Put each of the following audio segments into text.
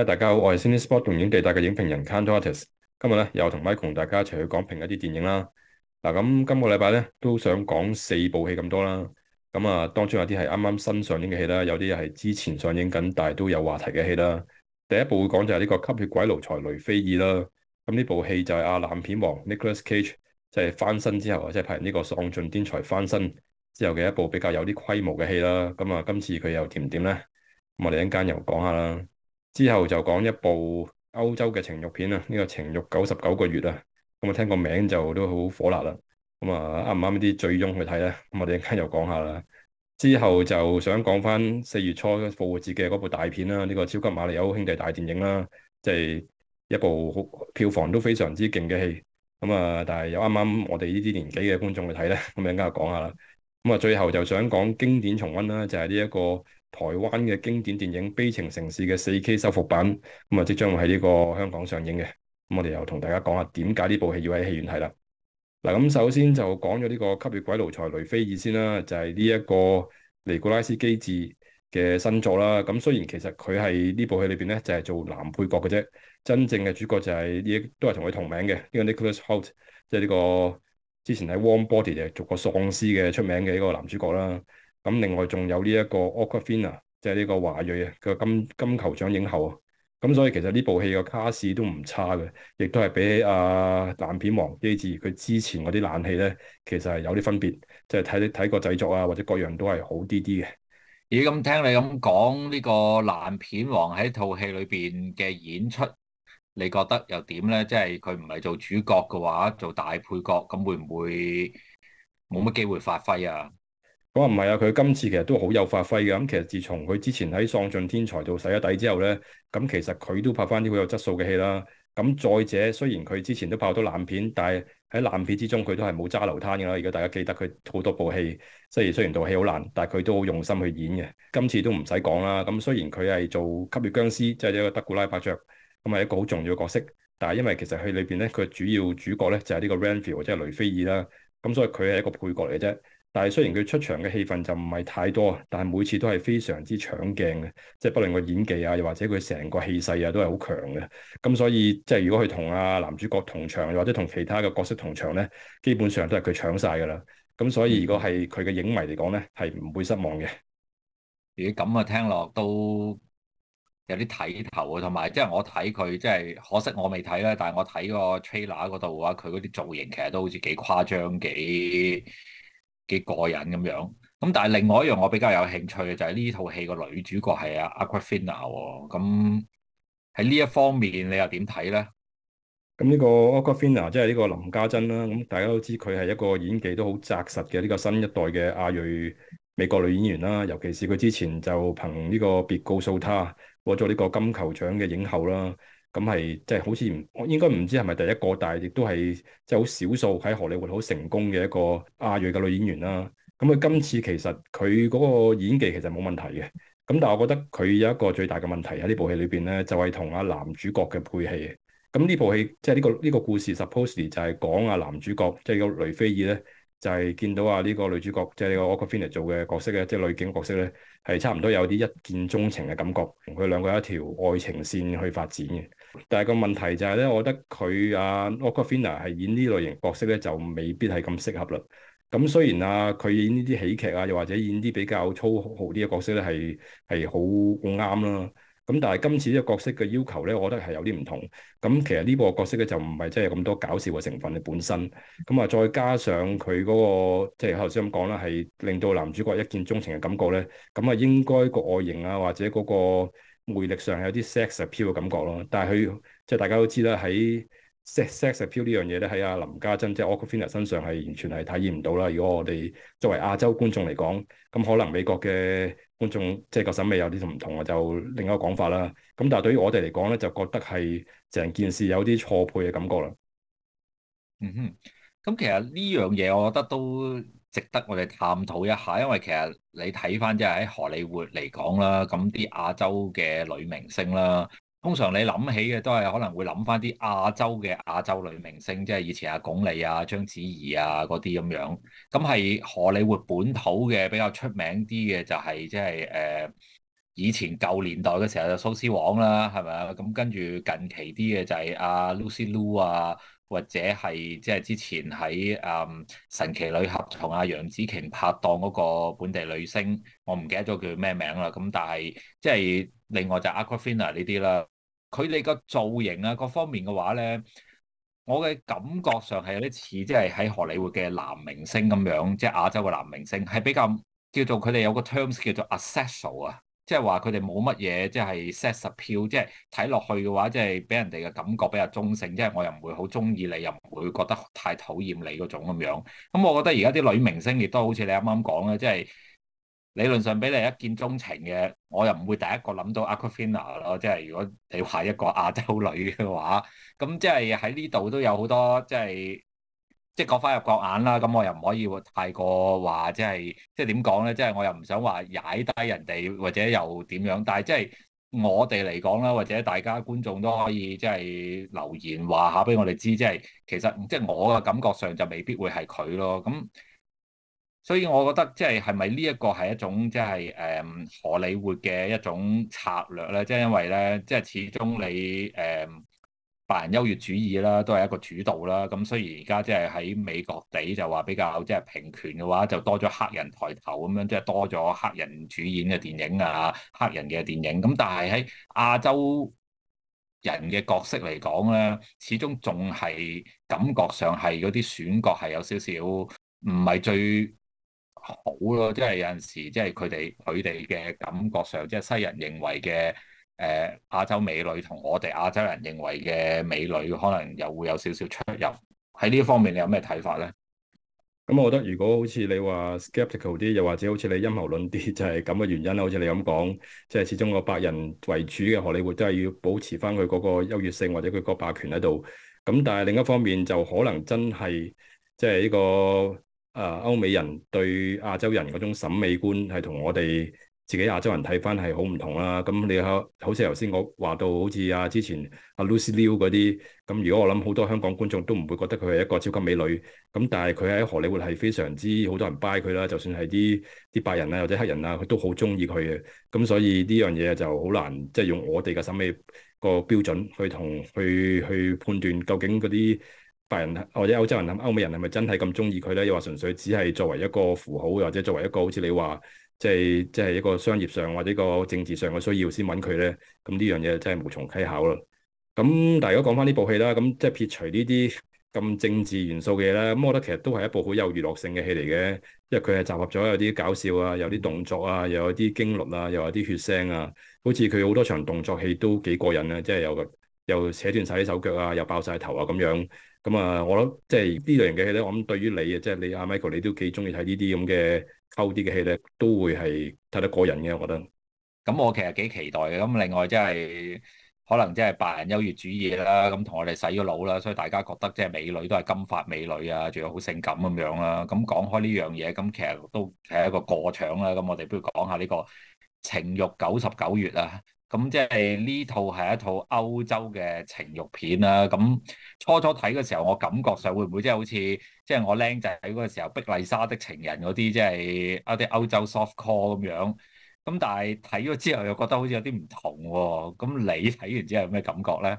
Hi, 大家好，我係 Cinespot 動映地帶嘅影評人 Kantorates，今日咧又同 Michael 同大家一齊去講評一啲電影啦。嗱、啊，咁今個禮拜咧都想講四部戲咁多啦。咁啊，當中有啲係啱啱新上映嘅戲啦，有啲又係之前上映緊但係都有話題嘅戲啦。第一部會講就係呢、這個《吸血鬼奴才雷菲爾》啦。咁、啊、呢部戲就係阿爛片王 Nicolas Cage 即係翻身之後，者、就、係、是、拍呢、這個《喪盡天才》翻身之後嘅一部比較有啲規模嘅戲啦。咁啊，今次佢又掂唔掂咧？我哋一間又講下啦。之後就講一部歐洲嘅情欲片、這個、情慾啊，合合呢個情欲九十九個月啊。咁我聽個名就都好火辣啦，咁啊啱唔啱啲最終去睇咧？咁我哋一陣間又講下啦。之後就想講翻四月初復活節嘅嗰部大片啦，呢、這個超級瑪利歐兄弟大電影啦，即、就、係、是、一部票房都非常之勁嘅戲，咁啊但係有啱啱我哋呢啲年紀嘅觀眾去睇咧，咁一陣間又講下啦。咁啊，最後就想講經典重溫啦，就係呢一個台灣嘅經典電影《悲情城市》嘅 4K 修復版，咁啊即將會喺呢個香港上映嘅。咁我哋又同大家講下點解呢部戲要喺戲院睇啦。嗱，咁首先就講咗呢個《吸血鬼奴才雷菲爾》先啦，就係呢一個尼古拉斯基治嘅新作啦。咁雖然其實佢係呢部戲裏邊咧就係、是、做男配角嘅啫，真正嘅主角就係、是、呢都係同佢同名嘅呢、這個 Nicholas Hoult，即係呢、這個。之前喺《Warm Body》就做過喪屍嘅出名嘅一個男主角啦。咁另外仲有呢一個 Awkwafina，即係呢個華裔嘅金金球獎影后。咁所以其實呢部戲嘅卡士都唔差嘅，亦都係比起啊爛片王基治佢之前嗰啲冷戲咧，其實係有啲分別，即係睇睇個製作啊，或者各樣都係好啲啲嘅。咦？咁聽你咁講呢個爛片王喺套戲裏邊嘅演出。你覺得又點呢？即係佢唔係做主角嘅話，做大配角咁會唔會冇乜機會發揮啊？咁啊唔係啊，佢今次其實都好有發揮嘅。咁、嗯、其實自從佢之前喺《喪盡天才》度洗咗底之後呢，咁、嗯、其實佢都拍翻啲好有質素嘅戲啦。咁、嗯、再者，雖然佢之前都拍好多爛片，但係喺爛片之中佢都係冇揸流灘嘅啦。而家大家記得佢好多部戲，即係雖然套戲好爛，但係佢都好用心去演嘅。今次都唔使講啦。咁、嗯、雖然佢係做吸血僵屍，即係一個德古拉伯爵。咁係一個好重要嘅角色，但係因為其實佢裏邊咧，佢主要主角咧就係、是、呢個 Renfield，e 即係雷菲爾啦。咁、嗯、所以佢係一個配角嚟嘅啫。但係雖然佢出場嘅戲份就唔係太多，但係每次都係非常之搶鏡嘅，即係不論個演技啊，又或者佢成個氣勢啊，都係好強嘅。咁、嗯、所以即係、就是、如果佢同阿男主角同場，又或者同其他嘅角色同場咧，基本上都係佢搶晒噶啦。咁、嗯嗯、所以如果係佢嘅影迷嚟講咧，係唔會失望嘅。如果咁啊，嗯、聽落都～有啲睇頭啊，同埋即係我睇佢，即係可惜我未睇啦。但係我睇個 trailer 嗰度嘅話，佢嗰啲造型其實都好似幾誇張，幾幾過癮咁樣。咁但係另外一樣我比較有興趣嘅就係呢套戲個女主角係阿 Awkwafina 喎。咁喺呢一方面你又點睇咧？咁呢個 Awkwafina 即係呢個林家珍啦。咁大家都知佢係一個演技都好紮實嘅呢個新一代嘅亞裔美國女演員啦。尤其是佢之前就憑呢個別告訴她。我做呢個金球獎嘅影后啦，咁係即係好似唔，我應該唔知係咪第一個，但係亦都係即係好少數喺荷里活好成功嘅一個亞裔嘅女演員啦。咁佢今次其實佢嗰個演技其實冇問題嘅，咁但係我覺得佢有一個最大嘅問題喺呢部戲裏邊咧，就係同阿男主角嘅配戲。咁呢部戲即係呢個呢、呢個故事 supposedly 就係講阿男主角即係個雷菲爾咧。就係見到啊呢個女主角，即係呢個 Awkwafina 做嘅角色咧，即係女警角色咧，係差唔多有啲一見鐘情嘅感覺，同佢兩個有一條愛情線去發展嘅。但係個問題就係咧，我覺得佢啊 Awkwafina 係演呢類型角色咧，就未必係咁適合啦。咁雖然啊，佢演呢啲喜劇啊，又或者演啲比較粗豪啲嘅角色咧，係係好好啱啦。咁但係今次呢個角色嘅要求咧，我覺得係有啲唔同。咁、嗯、其實呢個角色咧就唔係真係咁多搞笑嘅成分嘅本身。咁、嗯、啊，再加上佢嗰、那個即係頭先咁講啦，係令到男主角一見鐘情嘅感覺咧。咁、嗯、啊，應該個外形啊或者嗰個魅力上係有啲 sex appeal 嘅感覺咯。但係佢即係大家都知啦，喺 sex sex appeal 呢樣嘢咧，喺阿林家珍即係 Awkwafina 身上係完全係體現唔到啦。如果我哋作為亞洲觀眾嚟講，咁可能美國嘅。觀眾即係個審美有啲唔同啊，就另一個講法啦。咁但係對於我哋嚟講咧，就覺得係成件事有啲錯配嘅感覺啦。嗯哼，咁其實呢樣嘢我覺得都值得我哋探討一下，因為其實你睇翻即係喺荷里活嚟講啦，咁啲亞洲嘅女明星啦。通常你諗起嘅都係可能會諗翻啲亞洲嘅亞洲女明星，即係以前阿鞏俐啊、章子怡啊嗰啲咁樣。咁係荷里活本土嘅比較出名啲嘅就係即係誒以前舊年代嘅時候就蘇絲黃啦，係咪啊？咁跟住近期啲嘅就係阿 Lucy Liu 啊。或者係即係之前喺誒神奇女俠同阿楊紫瓊拍檔嗰個本地女星，我唔記得咗叫咩名啦。咁但係即係另外就 Awkwafina 呢啲啦，佢哋個造型啊各方面嘅話咧，我嘅感覺上係有啲似即係喺荷里活嘅男明星咁樣，即係亞洲嘅男明星係比較叫做佢哋有個 terms 叫做 asexual 啊。即係話佢哋冇乜嘢，即係 set 十票，即係睇落去嘅話，即係俾人哋嘅感覺比較中性，即係我又唔會好中意你，又唔會覺得太討厭你嗰種咁樣。咁我覺得而家啲女明星亦都好似你啱啱講嘅，即係理論上俾你一見鍾情嘅，我又唔會第一個諗到 Awkwafina 咯。即係如果你話一個亞洲女嘅話，咁即係喺呢度都有好多即係。就是即係各花入各眼啦，咁我又唔可以太過話，即係即係點講咧？即係我又唔想話踩低人哋，或者又點樣？但係即係我哋嚟講啦，或者大家觀眾都可以即係留言話下俾我哋知，即係其實即係我嘅感覺上就未必會係佢咯。咁所以我覺得即係係咪呢一個係一種即係誒荷里活嘅一種策略咧？即係因為咧，即係始終你誒。Um, 白人優越主義啦，都係一個主導啦。咁雖然而家即係喺美國地就話比較即係平權嘅話，就多咗黑人抬頭咁樣，即係多咗黑人主演嘅電影啊，黑人嘅電影。咁但係喺亞洲人嘅角色嚟講咧，始終仲係感覺上係嗰啲選角係有少少唔係最好咯。即係有陣時，即係佢哋佢哋嘅感覺上，即係西人認為嘅。誒、呃、亞洲美女同我哋亞洲人認為嘅美女，可能又會有少少出入喺呢一方面，你有咩睇法呢？咁、嗯、我覺得如果好似你話 skeptical 啲，又或者好似你陰謀論啲，就係咁嘅原因。好似你咁講，即、就、係、是、始終個白人為主嘅荷里活都係要保持翻佢嗰個優越性或者佢個霸權喺度。咁、嗯、但係另一方面，就可能真係即係呢個啊、呃、歐美人對亞洲人嗰種審美觀係同我哋。自己亞洲人睇翻係好唔同啦，咁你好好似頭先我話到，好似啊之前阿 Lucy Liu 嗰啲，咁如果我諗好多香港觀眾都唔會覺得佢係一個超級美女，咁但係佢喺荷里活係非常之好多人 buy 佢啦，就算係啲啲白人啊或者黑人啊，佢都好中意佢嘅，咁所以呢樣嘢就好難，即係用我哋嘅審美個標準去同去去判斷究竟嗰啲白人或者歐洲人、歐美人係咪真係咁中意佢咧？又話純粹只係作為一個符號，或者作為一個好似你話。即係即係一個商業上或者個政治上嘅需要先揾佢咧，咁呢樣嘢真係無從稽考啦。咁大家如講翻呢部戲啦，咁即係撇除呢啲咁政治元素嘅嘢啦，我覺得其實都係一部好有娛樂性嘅戲嚟嘅，因為佢係集合咗有啲搞笑啊，有啲動作啊，又有啲驚慄啊，又有啲血腥啊。好似佢好多場動作戲都幾過癮啊，即係有又扯斷晒啲手腳啊，又爆晒頭啊咁樣。咁啊，我諗即係呢類型嘅戲咧，我諗對於你啊，即係你阿 Michael 你都幾中意睇呢啲咁嘅。溝啲嘅戲咧，都會係睇得過癮嘅，我覺得。咁我其實幾期待嘅。咁另外、就是，即係可能即係白人優越主義啦，咁同我哋洗咗腦啦，所以大家覺得即係美女都係金髮美女啊，仲有好性感咁樣啦、啊。咁講開呢樣嘢，咁其實都係一個過場啦。咁我哋不如講下呢個情慾九十九月啊。咁即係呢套係一套歐洲嘅情慾片啦、啊。咁初初睇嘅時候，我感覺上會唔會即係好似即係我僆仔嗰個時候《碧麗莎的情人》嗰啲，即係一啲歐洲 soft core 咁樣。咁但係睇咗之後又覺得好似有啲唔同喎、啊。咁你睇完之後有咩感覺咧？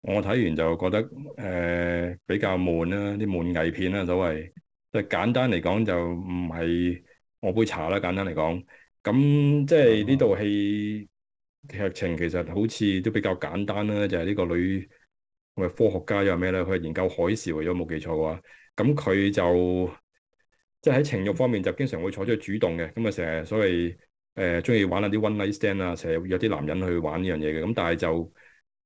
我睇完就覺得誒、呃、比較悶啦、啊，啲悶藝片啦、啊，所謂即係簡單嚟講就唔係我杯茶啦，簡單嚟講。咁即係呢套戲。嗯。劇情其實好似都比較簡單啦，就係呢個女，唔係科學家又係咩咧？佢係研究海嘯，如果冇記錯嘅話，咁佢就即係喺情慾方面就經常會採取主動嘅，咁啊成日所謂誒中意玩啊啲 one night stand 啊，成日有啲男人去玩呢樣嘢嘅，咁但係就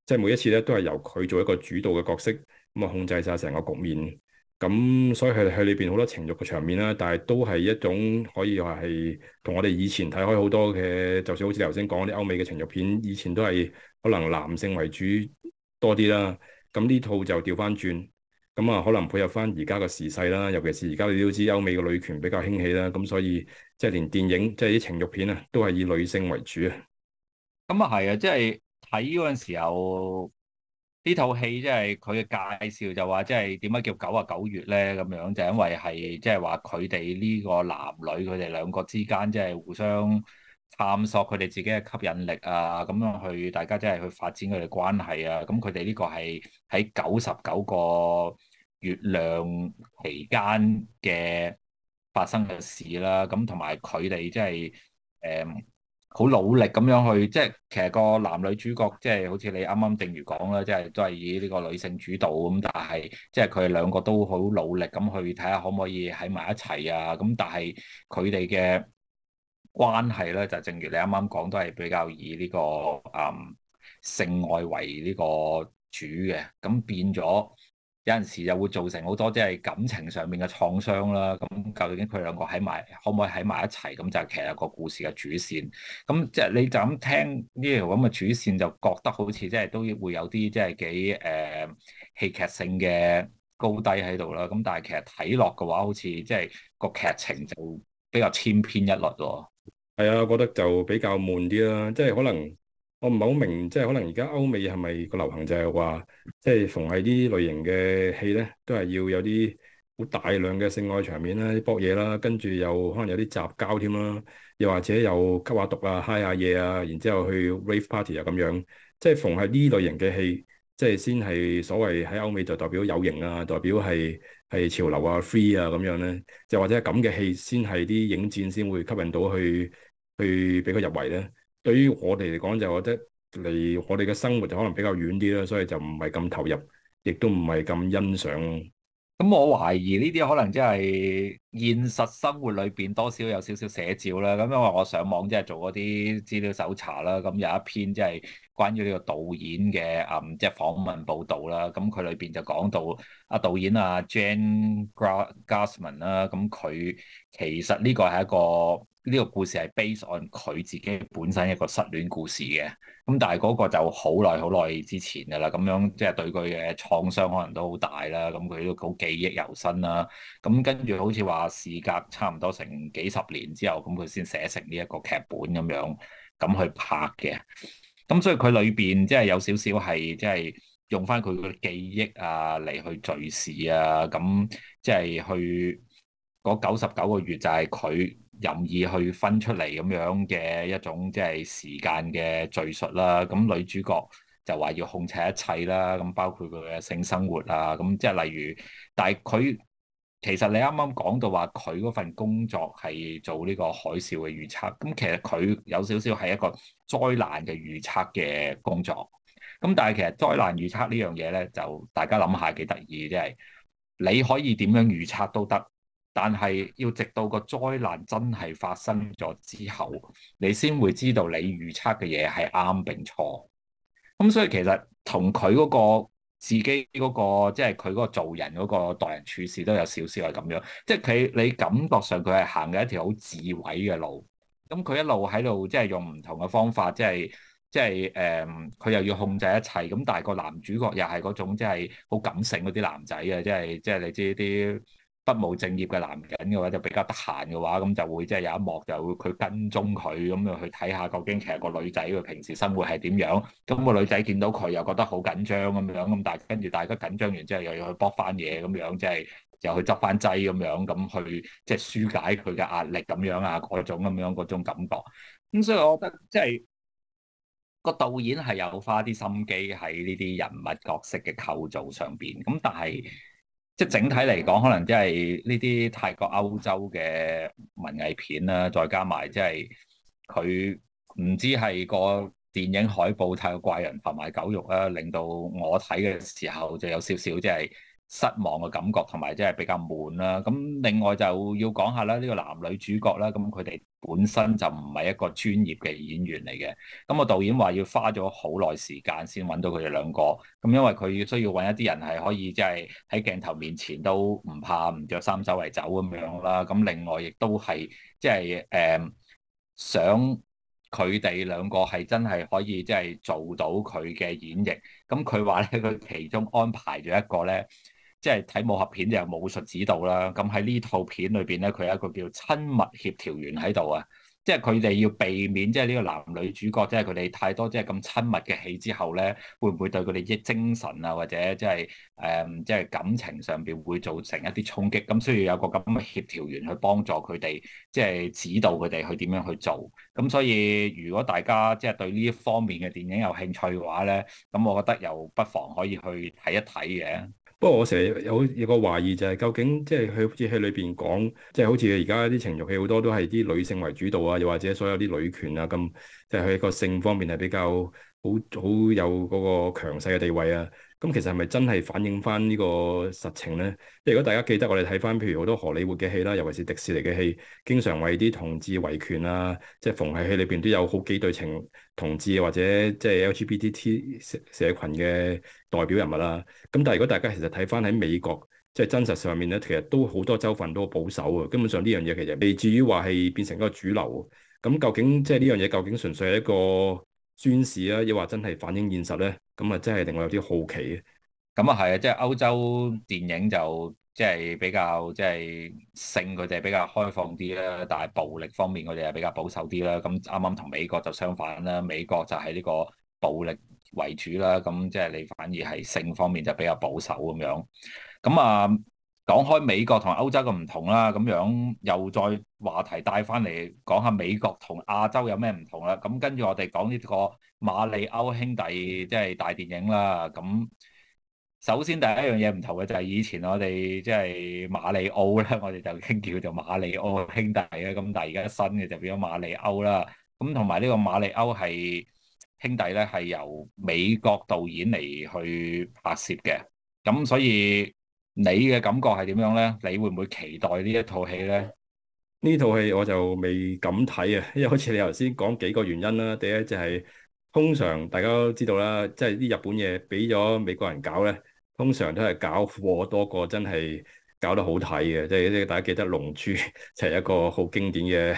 即係每一次咧都係由佢做一個主導嘅角色，咁啊控制晒成個局面。咁所以係喺裏邊好多情欲嘅場面啦，但係都係一種可以話係同我哋以前睇開好多嘅，就算好似頭先講啲歐美嘅情欲片，以前都係可能男性為主多啲啦。咁呢套就調翻轉，咁啊可能配合翻而家嘅時勢啦，尤其是而家你都知歐美嘅女權比較興起啦，咁所以即係連電影，即係啲情欲片啊，都係以女性為主啊。咁啊係啊，即係睇嗰陣時候。呢套戲即係佢嘅介紹就話，即係點解叫九啊九月咧咁樣，就是、因為係即係話佢哋呢個男女佢哋兩個之間，即係互相探索佢哋自己嘅吸引力啊，咁樣去大家即係去發展佢哋關係啊。咁佢哋呢個係喺九十九個月亮期間嘅發生嘅事啦，啊。咁同埋佢哋即係誒。好努力咁樣去，即係其實個男女主角，即係好似你啱啱正如講啦，即係都係以呢個女性主導咁，但係即係佢哋兩個都好努力咁去睇下可唔可以喺埋一齊啊。咁但係佢哋嘅關係咧，就正如你啱啱講，都係比較以呢個嗯性愛為呢個主嘅，咁變咗。有陣時就會造成好多即係感情上面嘅創傷啦。咁究竟佢兩個喺埋，可唔可以喺埋一齊？咁就係其實個故事嘅主線，咁即係你就咁聽呢條咁嘅主線，就覺得好似即係都會有啲即係幾誒、呃、戲劇性嘅高低喺度啦。咁但係其實睇落嘅話，好似即係個劇情就比較千篇一律喎。係啊，我覺得就比較悶啲啦，即係可能。我唔係好明，即係可能而家歐美係咪個流行就係話，即係逢係呢類型嘅戲咧，都係要有啲好大量嘅性愛場面啦，啲搏嘢啦，跟住又可能有啲雜交添啦，又或者又吸下毒啊、嗨下嘢啊，然之後去 rave party 啊咁樣，即係逢係呢類型嘅戲，即係先係所謂喺歐美就代表有型啊，代表係係潮流啊、free 啊咁樣咧，就或者咁嘅戲先係啲影展先會吸引到去去俾佢入圍咧。對於我哋嚟講，就覺得離我哋嘅生活就可能比較遠啲啦，所以就唔係咁投入，亦都唔係咁欣賞。咁我懷疑呢啲可能即係現實生活裏邊多少有少少寫照啦。咁因為我上網即係做嗰啲資料搜查啦，咁有一篇即係關於呢個導演嘅嗯即係、就是、訪問報導啦。咁佢裏邊就講到阿、啊、導演阿、啊、Jan Gassmann 啦，咁佢其實呢個係一個。呢個故事係 base on 佢自己本身一個失戀故事嘅，咁但係嗰個就好耐好耐之前噶啦，咁樣即係對佢嘅創傷可能都好大啦，咁佢都好記憶猶新啦、啊。咁跟住好似話事隔差唔多成幾十年之後，咁佢先寫成呢一個劇本咁樣，咁去拍嘅。咁所以佢裏邊即係有少少係即係用翻佢嘅記憶啊嚟去敍事啊，咁即係去嗰九十九個月就係佢。任意去分出嚟咁樣嘅一種即係、就是、時間嘅敘述啦。咁女主角就話要控制一切啦。咁包括佢嘅性生活啊。咁即係例如，但係佢其實你啱啱講到話佢嗰份工作係做呢個海嘯嘅預測。咁其實佢有少少係一個災難嘅預測嘅工作。咁但係其實災難預測呢樣嘢咧，就大家諗下幾得意即係，就是、你可以點樣預測都得。但係要直到個災難真係發生咗之後，你先會知道你預測嘅嘢係啱定錯。咁所以其實同佢嗰個自己嗰、嗰個即係佢嗰個做人嗰個待人處事都有少少係咁樣，即係佢你感覺上佢係行緊一條好自毀嘅路。咁佢一路喺度即係用唔同嘅方法，即係即係誒，佢、即係嗯、又要控制一切。咁但係個男主角又係嗰種即係好感性嗰啲男仔呀，即係即係你知啲。不務正業嘅男人嘅話，就比較得閒嘅話，咁就會即係有一幕就會佢跟蹤佢咁樣去睇下究竟其實個女仔佢平時生活係點樣。咁個女仔見到佢又覺得好緊張咁樣，咁但係跟住大家緊張完之後，又要去搏翻嘢咁樣，即係又去執翻劑咁樣，咁去即係舒解佢嘅壓力咁樣啊，嗰種咁樣嗰種感覺。咁所以我覺得即係個導演係有花啲心機喺呢啲人物角色嘅構造上邊。咁但係。即係整體嚟講，可能即係呢啲泰國、歐洲嘅文藝片啦，再加埋即係佢唔知係個電影海報太過怪人馴埋狗肉啦，令到我睇嘅時候就有少少即係。失望嘅感覺同埋即係比較悶啦，啊。咁另外就要講下啦，呢、這個男女主角啦，咁佢哋本身就唔係一個專業嘅演員嚟嘅。咁個導演話要花咗好耐時間先揾到佢哋兩個。咁因為佢需要揾一啲人係可以即係喺鏡頭面前都唔怕唔着衫周圍走咁樣啦。咁另外亦都係即係誒想佢哋兩個係真係可以即係做到佢嘅演繹。咁佢話咧，佢其中安排咗一個咧。即係睇武俠片就有武術指導啦。咁喺呢套片裏邊咧，佢有一個叫親密協調員喺度啊。即係佢哋要避免，即係呢個男女主角，即係佢哋太多即係咁親密嘅戲之後咧，會唔會對佢哋嘅精神啊，或者即係誒即係感情上邊會造成一啲衝擊？咁需要有個咁嘅協調員去幫助佢哋，即係指導佢哋去點樣去做。咁所以如果大家即係對呢一方面嘅電影有興趣嘅話咧，咁我覺得又不妨可以去睇一睇嘅。不過我成日有有個懷疑，就係究竟即係佢好似喺裏邊講，即係好似而家啲情慾戲好多都係啲女性為主導啊，又或者所有啲女權啊咁，即係佢個性方面係比較好好有嗰個強勢嘅地位啊。咁其實係咪真係反映翻呢個實情咧？即係如果大家記得，我哋睇翻譬如好多荷里活嘅戲啦，尤其是迪士尼嘅戲，經常為啲同志維權啊，即係逢係戲裏邊都有好幾對情同志或者即係 LGBTT 社社群嘅代表人物啦。咁但係如果大家其實睇翻喺美國，即係真實上面咧，其實都好多州份都保守啊，根本上呢樣嘢其實未至於話係變成一個主流。咁究竟即係呢樣嘢究竟純粹係一個宣示啊，抑或真係反映現實咧？咁啊真係令我有啲好奇嘅。咁啊係啊，即係歐洲電影就即係、就是、比較即係、就是、性佢哋比較開放啲啦，但係暴力方面佢哋係比較保守啲啦。咁啱啱同美國就相反啦，美國就係呢個暴力為主啦。咁即係你反而係性方面就比較保守咁樣。咁啊。講開美國同歐洲嘅唔同啦，咁樣又再話題帶翻嚟講下美國同亞洲有咩唔同啦。咁跟住我哋講呢個馬里歐兄弟，即係大電影啦。咁首先第一樣嘢唔同嘅就係以前我哋即係馬里歐咧，我哋就興叫做馬里歐兄弟呀。咁但係而家新嘅就變咗馬里歐啦。咁同埋呢個馬里歐係兄弟咧，係由美國導演嚟去拍攝嘅。咁所以。你嘅感覺係點樣呢？你會唔會期待呢一套戲呢？呢套戲我就未敢睇啊，因為好似你頭先講幾個原因啦。第一就係、是、通常大家都知道啦，即係啲日本嘢俾咗美國人搞呢，通常都係搞貨多過真係搞得好睇嘅。即、就、係、是、大家記得《龍珠》就係、是、一個好經典嘅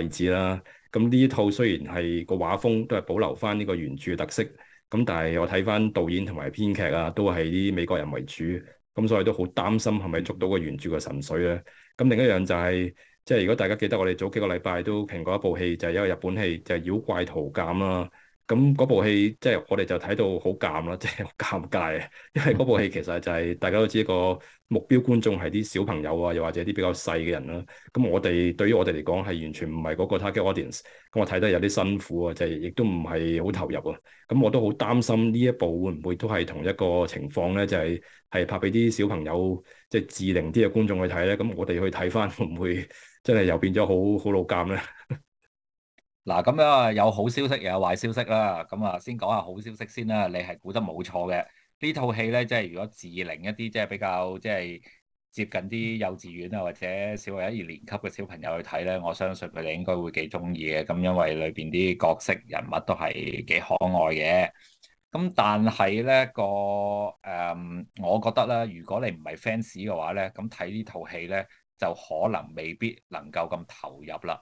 例子啦。咁呢套雖然係個畫風都係保留翻呢個原著特色，咁但係我睇翻導演同埋編劇啊，都係啲美國人為主。咁所以都好擔心係咪捉到個原著嘅神髓咧。咁另一樣就係、是，即係如果大家記得，我哋早幾個禮拜都評過一部戲，就係一個日本戲，就係、是《妖怪圖鑑、啊》啦。咁嗰部戲即係、就是、我哋就睇到好尷啦，即係好尷尬啊、就是！因為嗰部戲其實就係、是、大家都知個目標觀眾係啲小朋友啊，又或者啲比較細嘅人啦。咁我哋對於我哋嚟講係完全唔係嗰個 target audience，咁我睇得有啲辛苦啊，就係亦都唔係好投入啊。咁我都好擔心呢一部會唔會都係同一個情況咧？就係、是、係拍俾啲小朋友即係稚齡啲嘅觀眾去睇咧。咁我哋去睇返會唔會真係又變咗好好老尷咧？嗱，咁樣啊，有好消息又有壞消息啦。咁啊，先講下好消息先啦。你係估得冇錯嘅。呢套戲咧，即係如果智齡一啲，即係比較即係接近啲幼稚園啊或者小學一二年級嘅小朋友去睇咧，我相信佢哋應該會幾中意嘅。咁因為裏邊啲角色人物都係幾可愛嘅。咁但係咧個誒、呃，我覺得咧，如果你唔係 fans 嘅話咧，咁睇呢套戲咧，就可能未必能夠咁投入啦。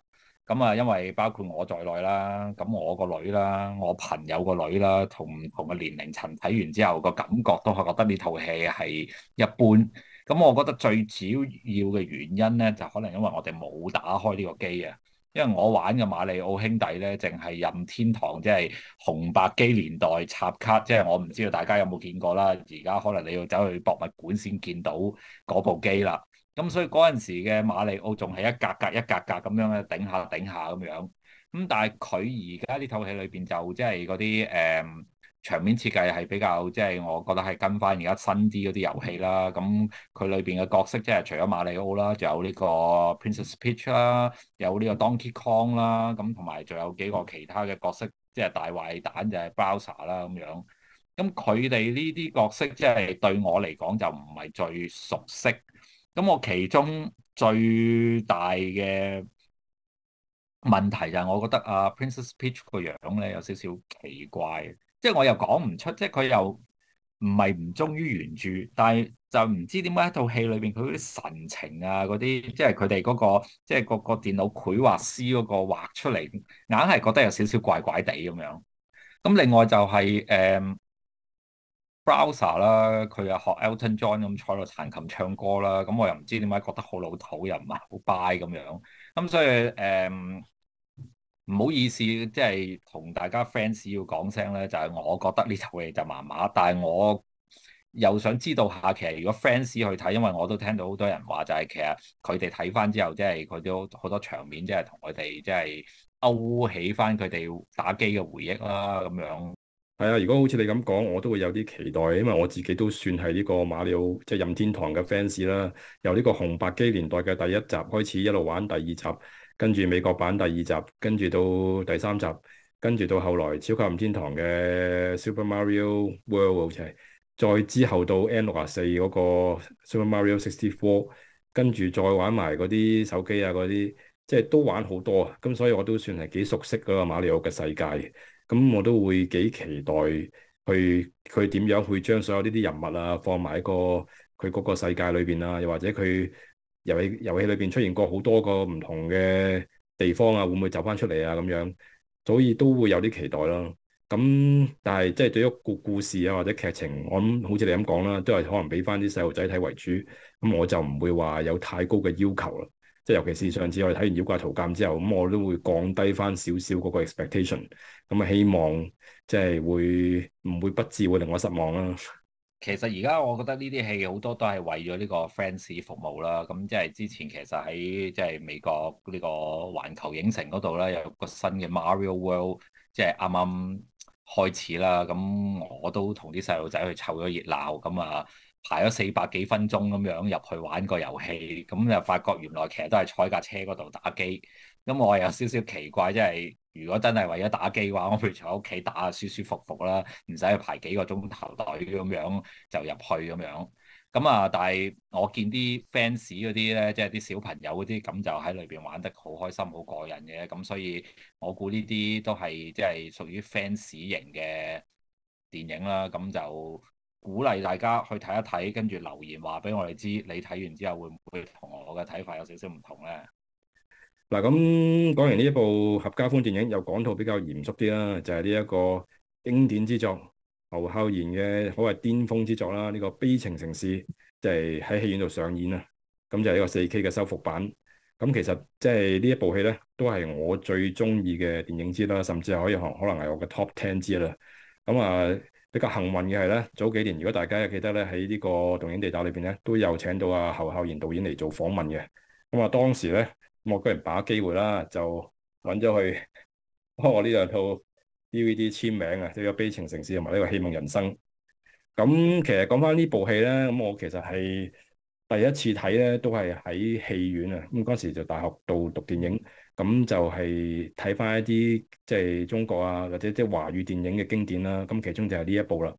咁啊，因為包括我在內啦，咁我個女啦，我朋友個女啦，同唔同嘅年齡層睇完之後，個感覺都係覺得呢套戲係一般。咁我覺得最主要嘅原因咧，就可能因為我哋冇打開呢個機啊。因為我玩嘅《馬里奧兄弟》咧，淨係任天堂即係紅白機年代插卡，即係我唔知道大家有冇見過啦。而家可能你要走去博物館先見到嗰部機啦。咁所以嗰陣時嘅馬里奧仲係一格格一格格咁樣咧，頂下頂下咁樣。咁但係佢而家呢套戲裏邊就即係嗰啲誒場面設計係比較即係、就是、我覺得係跟翻而家新啲嗰啲遊戲啦，咁佢裏邊嘅角色即係除咗馬里奧啦，仲有呢個 Princess Peach 啦，有呢個 Donkey Kong 啦，咁同埋仲有幾個其他嘅角色，即、就、係、是、大壞蛋就係 Bowser 啦咁樣。咁佢哋呢啲角色即係對我嚟講就唔係最熟悉。咁我其中最大嘅問題就係我覺得啊 Princess Peach 個樣咧有少少奇怪，即係我又講唔出，即係佢又唔係唔忠於原著，但係就唔知點解一套戲裏邊佢嗰啲神情啊嗰啲，即係佢哋嗰個即係個個電腦繪畫師嗰個畫出嚟，硬係覺得有少少怪怪地咁樣。咁另外就係、是、誒。嗯 Browser 啦，佢又學 Elton John 咁坐度彈琴唱歌啦，咁我又唔知點解覺得好老土又唔係好 by 咁樣，咁所以誒唔、嗯、好意思，即係同大家 fans 要講聲咧，就係、是、我覺得呢套嘢就麻麻，但係我又想知道下，其實如果 fans 去睇，因為我都聽到好多人話就係其實佢哋睇翻之後，即係佢都好多場面，即係同佢哋即係勾起翻佢哋打機嘅回憶啦咁樣。係啊，如果好似你咁講，我都會有啲期待，因為我自己都算係呢個瑪利歐即係任天堂嘅 fans 啦。由呢個紅白機年代嘅第一集開始，一路玩第二集，跟住美國版第二集，跟住到第三集，跟住到後來《超級任天堂》嘅 Super Mario World 好似係，再之後到 N 六啊四嗰個 Super Mario Sixty Four，跟住再玩埋嗰啲手機啊嗰啲，即係都玩好多啊。咁所以我都算係幾熟悉嗰個瑪利歐嘅世界。咁我都會幾期待，去佢點樣去將所有呢啲人物啊放埋喺個佢嗰個世界裏邊啊，又或者佢遊戲遊戲裏邊出現過好多個唔同嘅地方啊，會唔會走翻出嚟啊咁樣，所以都會有啲期待咯。咁但係即係對於故故事啊或者劇情，我諗好似你咁講啦，都係可能俾翻啲細路仔睇為主，咁我就唔會話有太高嘅要求啦。即係尤其是上次我哋睇完《妖怪圖鑑》之後，咁我都會降低返少少嗰個 expectation。咁啊，希望即係會唔會不至會，會令我失望啦。其實而家我覺得呢啲戲好多都係為咗呢個 fans 服務啦。咁即係之前其實喺即係美國呢個環球影城嗰度咧，有個新嘅 Mario World，即係啱啱開始啦。咁我都同啲細路仔去湊咗熱鬧。咁啊～排咗四百幾分鐘咁樣入去玩個遊戲，咁就發覺原來其實都係坐架車嗰度打機。咁我又有少少奇怪，即係如果真係為咗打機嘅話，我譬如喺屋企打下，舒舒服服啦，唔使去排幾個鐘頭隊咁樣就入去咁樣。咁啊，但係我見啲 fans 嗰啲咧，即係啲小朋友嗰啲，咁就喺裏邊玩得好開心，好過癮嘅。咁所以我估呢啲都係即係屬於 fans 型嘅電影啦。咁就。鼓勵大家去睇一睇，跟住留言話俾我哋知，你睇完之後會唔會同我嘅睇法有少少唔同咧？嗱，咁講完呢一部合家歡電影，又講到比較嚴肅啲啦，就係呢一個經典之作，侯孝賢嘅可謂巔峰之作啦。呢個《悲情城市》就係喺戲院度上演啦。咁就係呢個 4K 嘅修復版。咁其實即係呢一部戲咧，都係我最中意嘅電影之啦，甚至係可以可能係我嘅 Top Ten 之啦。咁啊～比較幸運嘅係咧，早幾年如果大家記得咧，喺呢個動映地帶裏邊咧，都有請到啊侯孝賢導演嚟做訪問嘅。咁啊，當時咧我居然把握機會啦，就揾咗去幫我呢兩套 DVD 簽名啊，即係《悲情城市》同埋呢個《戲夢人生》。咁其實講翻呢部戲咧，咁我其實係。第一次睇咧，都係喺戲院啊！咁、嗯、嗰時就大學度讀電影，咁、嗯、就係睇翻一啲即係中國啊或者即係華語電影嘅經典啦、啊。咁、嗯、其中就係呢一部啦。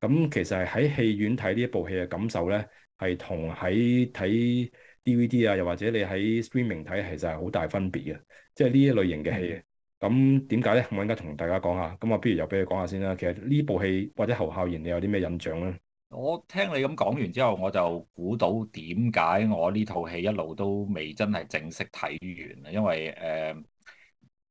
咁、嗯、其實係喺戲院睇呢一部戲嘅感受咧，係同喺睇 DVD 啊，又或者你喺 streaming 睇，其實係好大分別嘅。即係呢一類型嘅戲，咁點解咧？我陣間同大家講下。咁啊，不如又俾你講下先啦。其實呢部戲或者侯孝賢，你有啲咩印象咧？我聽你咁講完之後，我就估到點解我呢套戲一路都未真係正式睇完啦，因為誒、呃，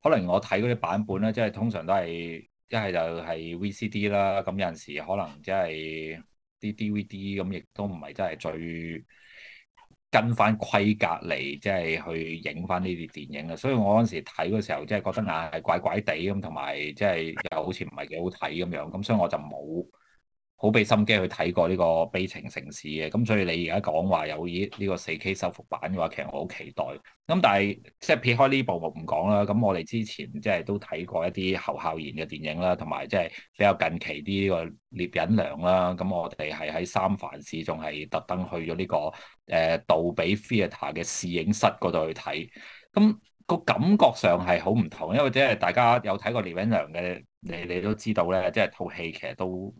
可能我睇嗰啲版本咧，即係通常都係一係就係、是、VCD 啦，咁有陣時可能即係啲 DVD 咁，亦都唔係真係最跟翻規格嚟，即、就、係、是、去影翻呢啲電影啊。所以我嗰陣時睇嘅時候，即係覺得係，怪怪地咁，同埋即係又好似唔係幾好睇咁樣，咁所以我就冇好俾心機去睇過呢個悲情城市嘅，咁所以你而家講話有依呢個四 k 修復版嘅話，其實我好期待。咁但係即係撇開呢部冇唔講啦。咁我哋之前即係都睇過一啲侯孝賢嘅電影啦，同埋即係比較近期啲個《聶隱娘》啦。咁我哋係喺三藩市仲係特登去咗呢個誒杜比 Theater 嘅攝影室嗰度去睇。咁個感覺上係好唔同，因為即係大家有睇過《聶隱娘》嘅，你你都知道咧，即係套戲其實都。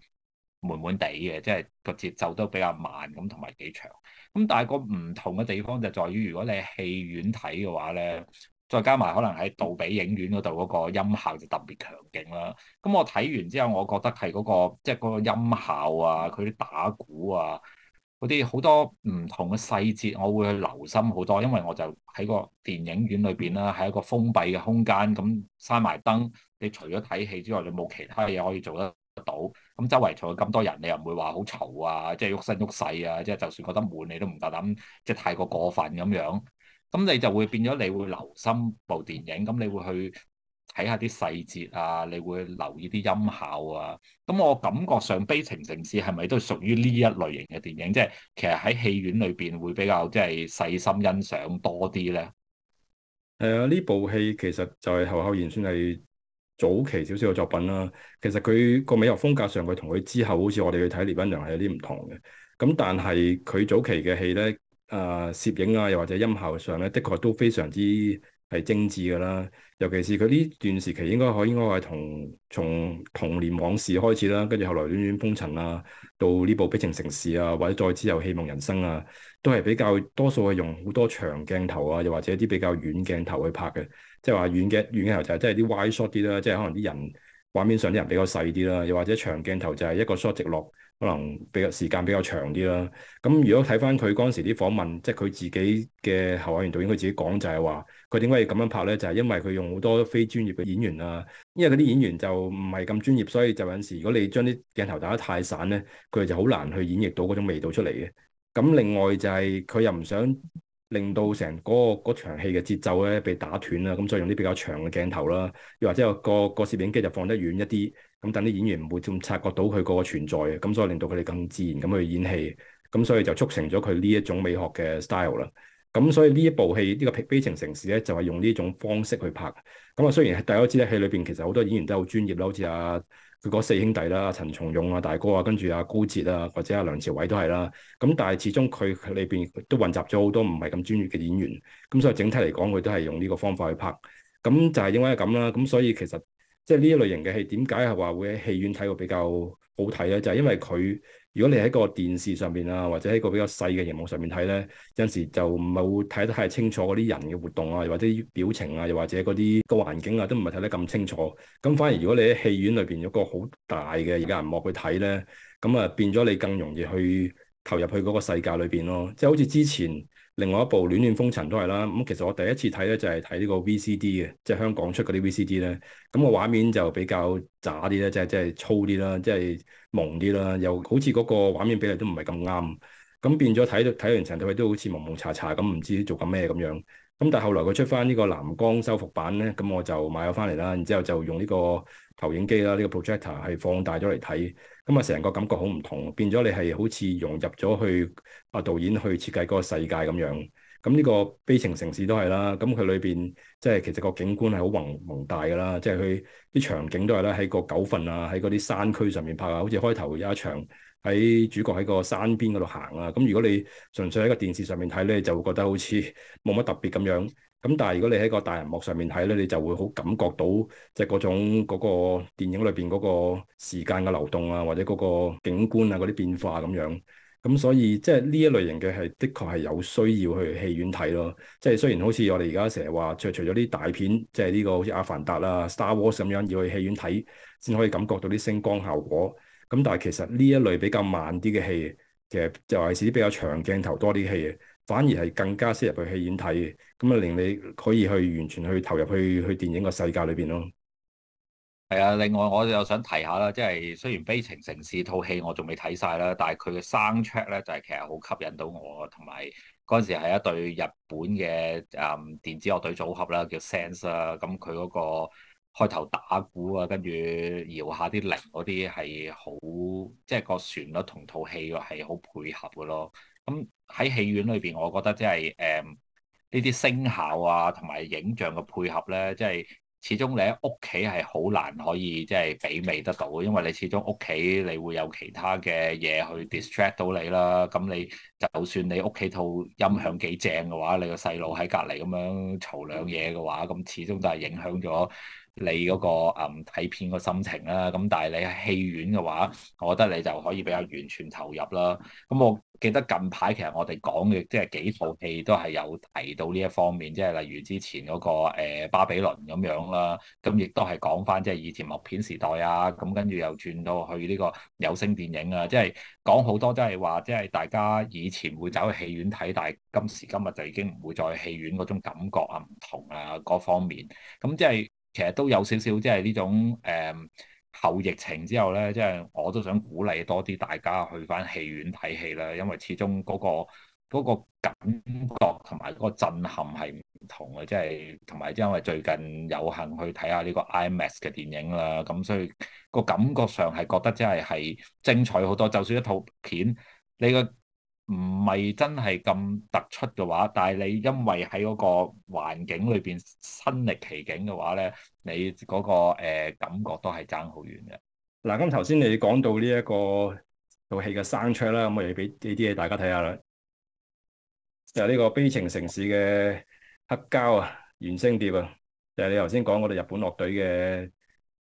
悶悶地嘅，即係個節奏都比較慢咁，同埋幾長。咁但係個唔同嘅地方就在於，如果你喺戲院睇嘅話咧，再加埋可能喺杜比影院嗰度嗰個音效就特別強勁啦。咁、嗯、我睇完之後，我覺得係嗰、嗰個即係嗰個音效啊，佢啲打鼓啊，嗰啲好多唔同嘅細節，我會去留心好多。因為我就喺個電影院裏邊啦，係一個封閉嘅空間，咁閂埋燈，你除咗睇戲之外，就冇其他嘢可以做得到。咁周圍坐咁多人，你又唔會話好嘈啊，即係喐身喐勢啊，即係就算覺得悶，你都唔夠膽，即係太過過分咁樣。咁你就會變咗，你會留心部電影，咁你會去睇下啲細節啊，你會留意啲音效啊。咁我感覺上悲情城市係咪都屬於呢一類型嘅電影？即係其實喺戲院裏邊會比較即係細心欣賞多啲咧。係啊，呢部戲其實就係侯孝賢算係。早期少少嘅作品啦，其實佢個美學風格上，佢同佢之後好似我哋去睇聶隱娘係有啲唔同嘅。咁但係佢早期嘅戲咧，誒、呃、攝影啊，又或者音效上咧，的確都非常之係精緻㗎啦。尤其是佢呢段時期應，應該可應該係同從《童年往事》開始啦，跟住後來《戀戀風塵》啊，到呢部《悲情城市》啊，或者再之後《戲夢人生》啊，都係比較多數係用好多長鏡頭啊，又或者一啲比較遠鏡頭去拍嘅。即係話遠鏡遠鏡頭就係即係啲 wide shot 啲啦，即係可能啲人畫面上啲人比較細啲啦，又或者長鏡頭就係一個 shot 直落，可能比較時間比較長啲啦。咁如果睇翻佢嗰陣時啲訪問，即係佢自己嘅後製團隊應該自己講就係話，佢點解要咁樣拍咧？就係、是、因為佢用好多非專業嘅演員啊，因為嗰啲演員就唔係咁專業，所以就有陣時如果你將啲鏡頭打得太散咧，佢就好難去演繹到嗰種味道出嚟嘅。咁另外就係佢又唔想，令到成嗰個嗰場戲嘅節奏咧被打斷啦，咁所以用啲比較長嘅鏡頭啦，又或者個個攝影機就放得遠一啲，咁等啲演員唔會咁察覺到佢個存在，咁所以令到佢哋更自然咁去演戲，咁所以就促成咗佢呢一種美學嘅 style 啦。咁所以呢一部戲呢、呢個悲情城市咧就係用呢種方式去拍。咁啊雖然大家知咧，戲裏邊其實好多演員都好專業啦，好似阿。佢嗰四兄弟啦，陳松勇啊大哥啊，跟住阿高捷啊，或者阿、啊、梁朝偉都係啦。咁但係始終佢佢裏邊都混雜咗好多唔係咁專業嘅演員，咁所以整體嚟講，佢都係用呢個方法去拍。咁就係因為咁啦，咁所以其實。即係呢一類型嘅戲，點解係話會喺戲院睇會比較好睇咧？就係因為佢，如果你喺個電視上面啊，或者喺個比較細嘅熒幕上面睇咧，有陣時就唔係會睇得太清楚嗰啲人嘅活動啊，又或者表情啊，又或者嗰啲個環境啊，都唔係睇得咁清楚。咁反而如果你喺戲院裏邊有個好大嘅而家銀幕去睇咧，咁啊變咗你更容易去投入去嗰個世界裏邊咯。即係好似之前。另外一部《戀戀風塵》都係啦，咁其實我第一次睇咧就係睇呢個 VCD 嘅，即係香港出嗰啲 VCD 咧，咁個畫面就比較渣啲咧，即係即係粗啲啦，即係蒙啲啦，又好似嗰個畫面比例都唔係咁啱，咁變咗睇到睇完陳道偉都好似蒙蒙查查咁，唔知做緊咩咁樣，咁但係後來佢出翻呢個藍光修復版咧，咁我就買咗翻嚟啦，然之後就用呢個投影機啦，呢、呢個 projector 係放大咗嚟睇。咁啊，成個感覺好唔同，變咗你係好似融入咗去啊導演去設計嗰個世界咁樣。咁呢個悲情城市都係啦，咁佢裏邊即係其實個景觀係好宏宏大噶啦，即係佢啲場景都係咧喺個九份啊，喺嗰啲山區上面拍啊，好似開頭有一場喺主角喺個山邊嗰度行啊。咁如果你純粹喺個電視上面睇咧，就會覺得好似冇乜特別咁樣。咁但係如果你喺個大銀幕上面睇咧，你就會好感覺到即係嗰種嗰個電影裏邊嗰個時間嘅流動啊，或者嗰個景觀啊嗰啲變化咁樣。咁所以即係呢一類型嘅係的確係有需要去戲院睇咯。即係雖然好似我哋而家成日話，除除咗啲大片，即係呢個好似《阿凡達》啦，《Star Wars》咁樣要去戲院睇先可以感覺到啲星光效果。咁但係其實呢一類比較慢啲嘅戲，其實就係似啲比較長鏡頭多啲嘅戲。反而係更加適合去戲院睇嘅，咁啊令你可以去完全去投入去去電影個世界裏邊咯。係啊，另外我又想提下啦，即係雖然悲情城市套戲我仲未睇晒啦，但係佢嘅生 check 咧就係、是、其實好吸引到我，同埋嗰陣時係一對日本嘅誒、嗯、電子樂隊組合啦，叫 Sense 啊，咁佢嗰個開頭打鼓啊，跟住搖下啲鈴嗰啲係好，即、就、係、是、個旋律同套戲係好配合嘅咯。咁喺戲院裏邊，我覺得即係誒呢啲聲效啊，同埋影像嘅配合咧，即係始終你喺屋企係好難可以即係媲美得到，因為你始終屋企你會有其他嘅嘢去 distract 到你啦。咁你就算你屋企套音響幾正嘅話，你個細路喺隔籬咁樣嘈兩嘢嘅話，咁始終都係影響咗你嗰個誒睇片個心情啦。咁但係你喺戲院嘅話，我覺得你就可以比較完全投入啦。咁我。記得近排其實我哋講嘅即係幾套戲都係有提到呢一方面，即係例如之前嗰個誒巴比倫咁樣啦，咁亦都係講返即係以前默片時代啊，咁跟住又轉到去呢個有聲電影啊，即係講好多都係話即係大家以前會走去戲院睇，但係今時今日就已經唔會再去戲院嗰種感覺啊，唔同啊各方面，咁即係其實都有少少即係呢種誒。嗯後疫情之後咧，即係我都想鼓勵多啲大家去翻戲院睇戲啦，因為始終嗰個嗰個感覺同埋嗰個震撼係唔同嘅，即係同埋即係因為最近有幸去睇下呢個 IMAX 嘅電影啦，咁所以個感覺上係覺得真係係精彩好多，就算一套片你個唔係真係咁突出嘅話，但係你因為喺嗰個環境裏邊身歷其境嘅話咧，你嗰、那個、呃、感覺都係爭好遠嘅。嗱、啊，咁頭先你講到呢、這、一個套、這個、戲嘅 soundtrack 啦，咁我哋俾呢啲嘢大家睇下啦。就係、是、呢個悲情城市嘅黑膠啊，原聲碟啊，就係、是、你頭先講嗰個日本樂隊嘅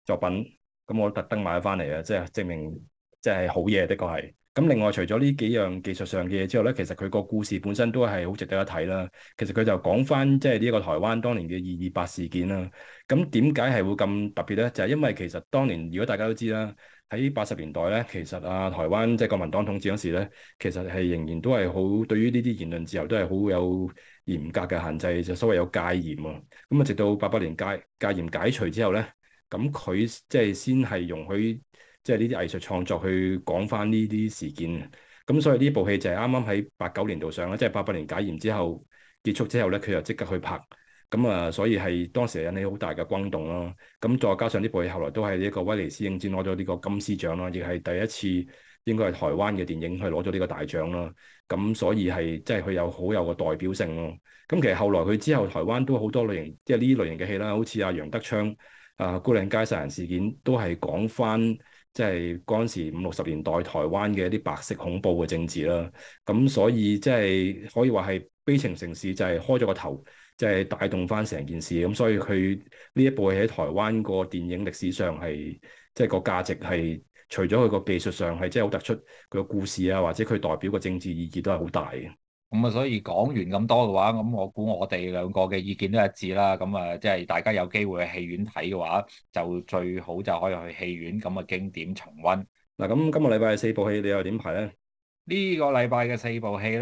作品，咁我特登買咗翻嚟啊，即係證明即係好嘢，的確係。咁另外除咗呢幾樣技術上嘅嘢之後咧，其實佢個故事本身都係好值得一睇啦。其實佢就講返即係呢個台灣當年嘅二二八事件啦。咁點解係會咁特別咧？就係因為其實當年如果大家都知啦，喺八十年代咧，其實啊台灣即係國民黨統治嗰時咧，其實係仍然都係好對於呢啲言論自由都係好有嚴格嘅限制，就所謂有戒嚴啊。咁啊，直到八八年戒戒嚴解除之後咧，咁佢即係先係容許。即係呢啲藝術創作去講翻呢啲事件，咁所以呢部戲就係啱啱喺八九年度上啦，即係八八年解嚴之後結束之後咧，佢又即刻去拍，咁啊，所以係當時引起好大嘅轟動咯。咁再加上呢部戲後來都係呢個威尼斯影展攞咗呢個金獅獎啦，亦係第一次應該係台灣嘅電影去攞咗呢個大獎啦。咁所以係即係佢有好有個代表性咯。咁其實後來佢之後台灣都好多類型，即係呢啲類型嘅戲啦，好似阿楊德昌啊《牯嶺街殺人事件》都係講翻。即係嗰陣時五六十年代台灣嘅一啲白色恐怖嘅政治啦，啊，咁所以即係可以話係悲情城市就係開咗個頭，即係帶動返成件事，咁所以佢呢一部喺台灣個電影歷史上係即係個價值係除咗佢個技術上係即係好突出佢個故事啊，或者佢代表個政治意義都係好大嘅。咁啊，所以講完咁多嘅話，咁我估我哋兩個嘅意見都一致啦。咁啊，即係大家有機會去戲院睇嘅話，就最好就可以去戲院咁啊，經典重溫。嗱，咁今個禮拜四部戲你又點排咧？呢個禮拜嘅四部戲咧，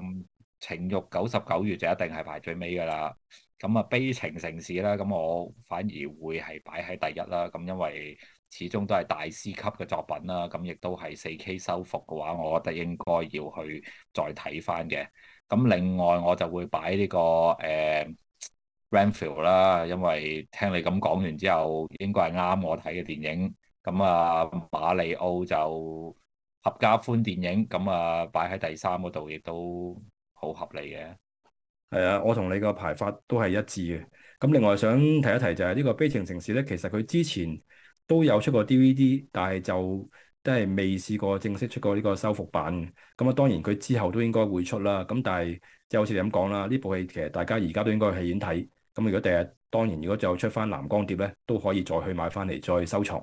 《情慾九十九月》就一定係排最尾噶啦。咁啊，《悲情城市》啦，咁我反而會係擺喺第一啦。咁因為始終都係大師級嘅作品啦，咁亦都係四 K 修復嘅話，我覺得應該要去再睇翻嘅。咁另外我就會擺呢、這個誒 Renfield 啦，呃、field，因為聽你咁講完之後，應該係啱我睇嘅電影。咁啊，瑪利歐就合家歡電影，咁啊擺喺第三嗰度亦都好合理嘅。係啊，我同你個排法都係一致嘅。咁另外想提一提就係呢、這個悲情城市呢，其實佢之前，都有出過 DVD，但係就都係未試過正式出過呢個修復版。咁啊，當然佢之後都應該會出啦。咁但係就好似你咁講啦，呢部戲其實大家而家都應該去戲院睇。咁如果第日當然如果就出翻藍光碟咧，都可以再去買翻嚟再收藏。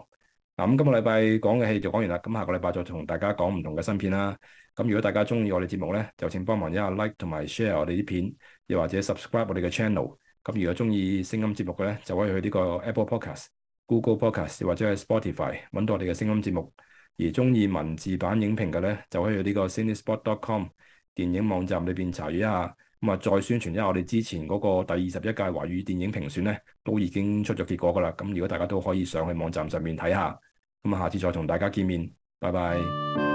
嗱，咁今個禮拜講嘅戲就講完啦。咁下個禮拜再同大家講唔同嘅新片啦。咁如果大家中意我哋節目咧，就請幫忙一下 like 同埋 share 我哋啲片，又或者 subscribe 我哋嘅 channel。咁如果中意聲音節目嘅咧，就可以去呢個 Apple Podcast，Google Podcasts, 或者係 Spotify 揾到我哋嘅聲音節目，而鍾意文字版影評嘅呢，就可以去呢個 CineSpot.com 電影網站裏邊查閲一下，咁啊再宣傳一下我哋之前嗰個第二十一屆華語電影評選呢，都已經出咗結果噶啦，咁如果大家都可以上去網站上面睇下，咁啊下次再同大家見面，拜拜。